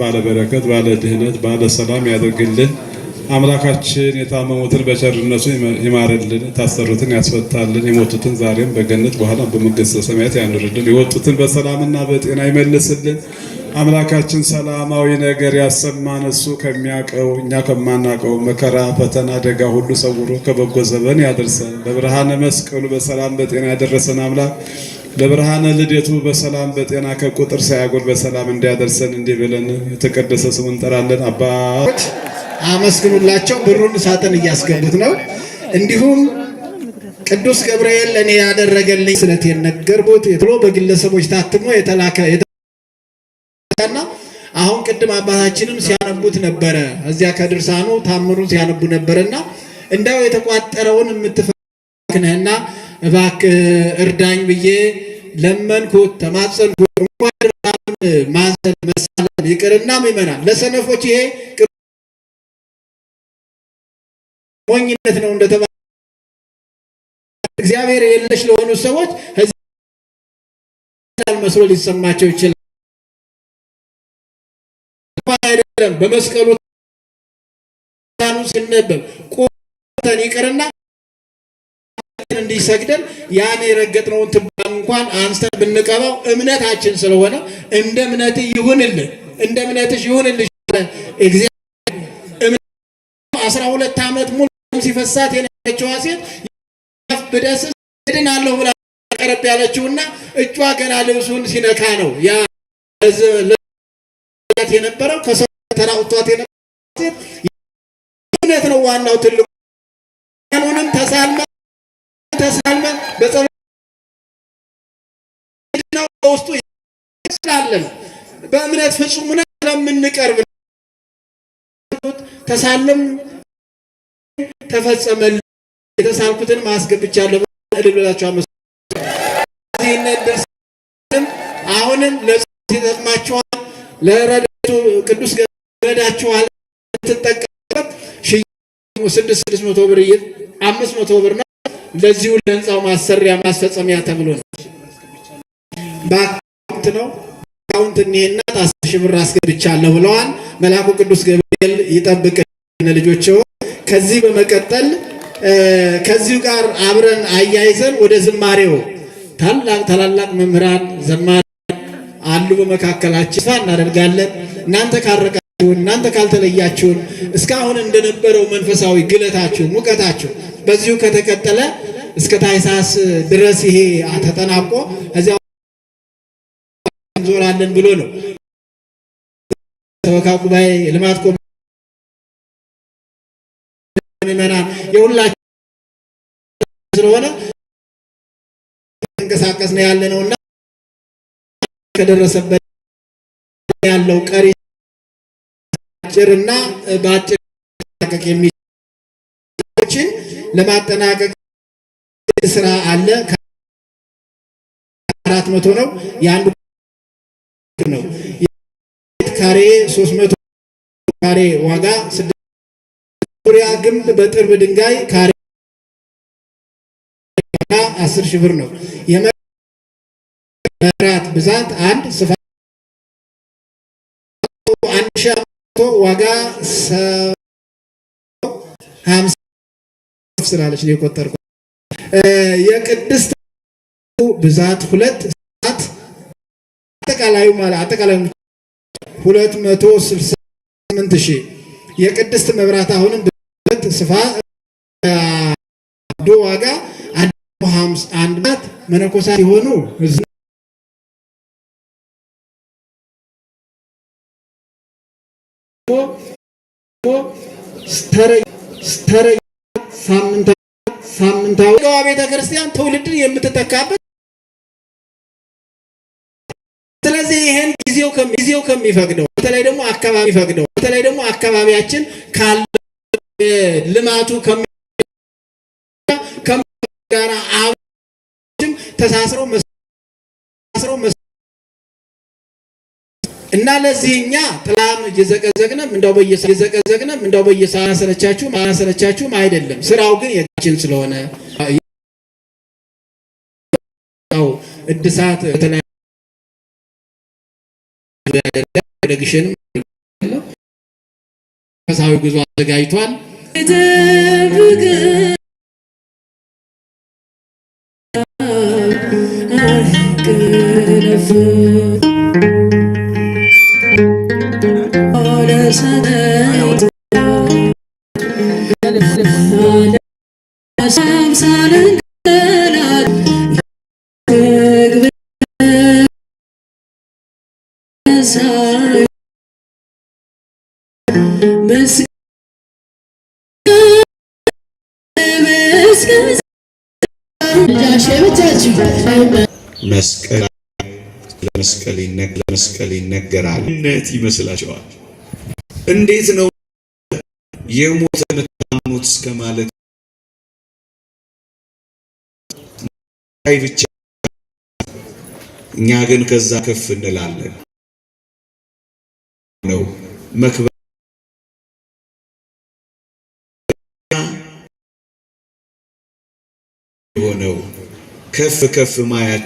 ባለ በረከት ባለ ድህነት ባለ ሰላም ያደርግልን። አምላካችን የታመሙትን በቸርነቱ ይማርልን፣ የታሰሩትን ያስፈታልን፣ የሞቱትን ዛሬም በገነት በኋላ በመንግሥተ ሰማያት ያኑርልን፣ የወጡትን በሰላምና በጤና ይመልስልን። አምላካችን ሰላማዊ ነገር ያሰማን። እሱ ከሚያውቀው እኛ ከማናውቀው መከራ፣ ፈተና፣ አደጋ ሁሉ ሰውሮ ከበጎ ዘበን ያደርሰን። በብርሃነ መስቀሉ በሰላም በጤና ያደረሰን አምላክ በብርሃነ ልደቱ በሰላም በጤና ከቁጥር ሳያጎል በሰላም እንዲያደርሰን እንዲህ ብለን የተቀደሰ ስሙን እንጠራለን። አባት አመስግኑላቸው። ብሩን ሳጥን እያስገቡት ነው። እንዲሁም ቅዱስ ገብርኤል እኔ ያደረገልኝ ስለት የነገርኩት ብሎ በግለሰቦች ታትሞ የተላከና አሁን ቅድም አባታችንም ሲያነቡት ነበረ። እዚያ ከድርሳኑ ታምሩን ሲያነቡ ነበረና እንዳው የተቋጠረውን የምትፈክነህና እባክህ እርዳኝ ብዬ ለመንኩት፣ ተማጸንኩ ማዘን መሳለን ይቅርና ምእመናን ለሰነፎች ይሄ ሞኝነት ነው እንደተባለ እግዚአብሔር የለሽ ለሆኑ ሰዎች መስሎ ሊሰማቸው ይችላል። አይደለም በመስቀሉ ሲነበብ ቆተን ይቅርና አምላካችን እንዲሰግደን ያን የረገጥነውን ትባ እንኳን አንስተን ብንቀባው እምነታችን ስለሆነ እንደ እምነት ይሁንልን፣ እንደ እምነትሽ ይሁንልሽ። እግዚአብሔር እምነት አስራ ሁለት ዓመት ሙሉ ሲፈሳት የነቸዋ ሴት ብደስስ እድናለሁ ብላ ቀረብ ያለችውና እጇ ገና ልብሱን ሲነካ ነው ያት የነበረው ከሰው ተራውቷት የነበረ ሴት እምነት ነው ዋናው ትልቁ ቀኑንም ተሳልመ ተሳልመ በእምነት ፍጹምነ ስለምንቀርብ የተሳልኩትን ማስገብቻለሁ እልብላቸው አመስ አሁንም ይጠቅማችኋል። ቅዱስ ስድስት ስድስት መቶ ብር አምስት መቶ ብር ነው። ለዚሁ ለህንፃው ማሰሪያ ማስፈጸሚያ ተብሎ ነው። በአካውንት ነው አካውንት እኒህና አስር ሺህ ብር አስገብቻለሁ ብለዋል። መልአኩ ቅዱስ ገብርኤል ይጠብቅን ልጆችዎ። ከዚህ በመቀጠል ከዚሁ ጋር አብረን አያይዘን ወደ ዝማሬው ታላቅ ታላላቅ መምህራን ዘማሪ አሉ በመካከላችን ፋ እናደርጋለን። እናንተ ካረቃችሁን፣ እናንተ ካልተለያችሁን እስካሁን እንደነበረው መንፈሳዊ ግለታችሁ ሙቀታችሁ በዚሁ ከተቀጠለ እስከ ታኅሳስ ድረስ ይሄ ተጠናቆ እዚያ እንዞራለን ብሎ ነው ሰበካ ጉባኤ ልማት ምዕመናን የሁላችን ስለሆነ ተንቀሳቀስ ነው ያለ ነውና ከደረሰበት ያለው ቀሪ አጭርና በአጭር የሚችል ለማጠናቀቅ ስራ አለ። አራት መቶ ነው የአንዱ ነው ካሬ ሶስት መቶ ካሬ ዋጋ ዙሪያ ግንብ በጥርብ ድንጋይ ካሬ ዋጋ አስር ሺህ ብር ነው። የመራት ብዛት አንድ ስፋት አንድ ሺህ ዋጋ 5 ስላለች ነው የቆጠርኩ። የቅድስት ብዛት ሁለት ሰዓት አጠቃላዩ ማለት አጠቃላዩ ሁለት ሺህ የቅድስት መብራት አሁንም ሁለት ስፋ ዶ ዋጋ አንድ ማት መነኮሳት የሆኑ ስተረ ሳምንታዊ ገዋ ቤተ ክርስቲያን ትውልድን የምትተካበት ስለዚህ ጊዜው ከሚፈቅደው በተለይ ደግሞ አካባቢ ፈቅደው በተለይ ደግሞ አካባቢያችን ካለ ልማቱ ተሳስረው እና ለዚህ እኛ ጥላም እየዘቀዘቅንም እንዳው በየሳ እየዘቀዘቅንም እንዳው በየሳ ሰለቻችሁም አሰለቻችሁም አይደለም። ስራው ግን የችን ስለሆነ ያው እድሳት ተላይ ወደ ግሽንም መንፈሳዊ ጉዞ አዘጋጅቷል። Thank መስቀል ይነገራል። ነት ይመስላቸዋል። እንዴት ነው የሞተ ምታምኑት እስከ ማለት ላይ ብቻ እኛ ግን ከዛ ከፍ እንላለን ነው መክበር የሆነው ከፍ ከፍ ማያችን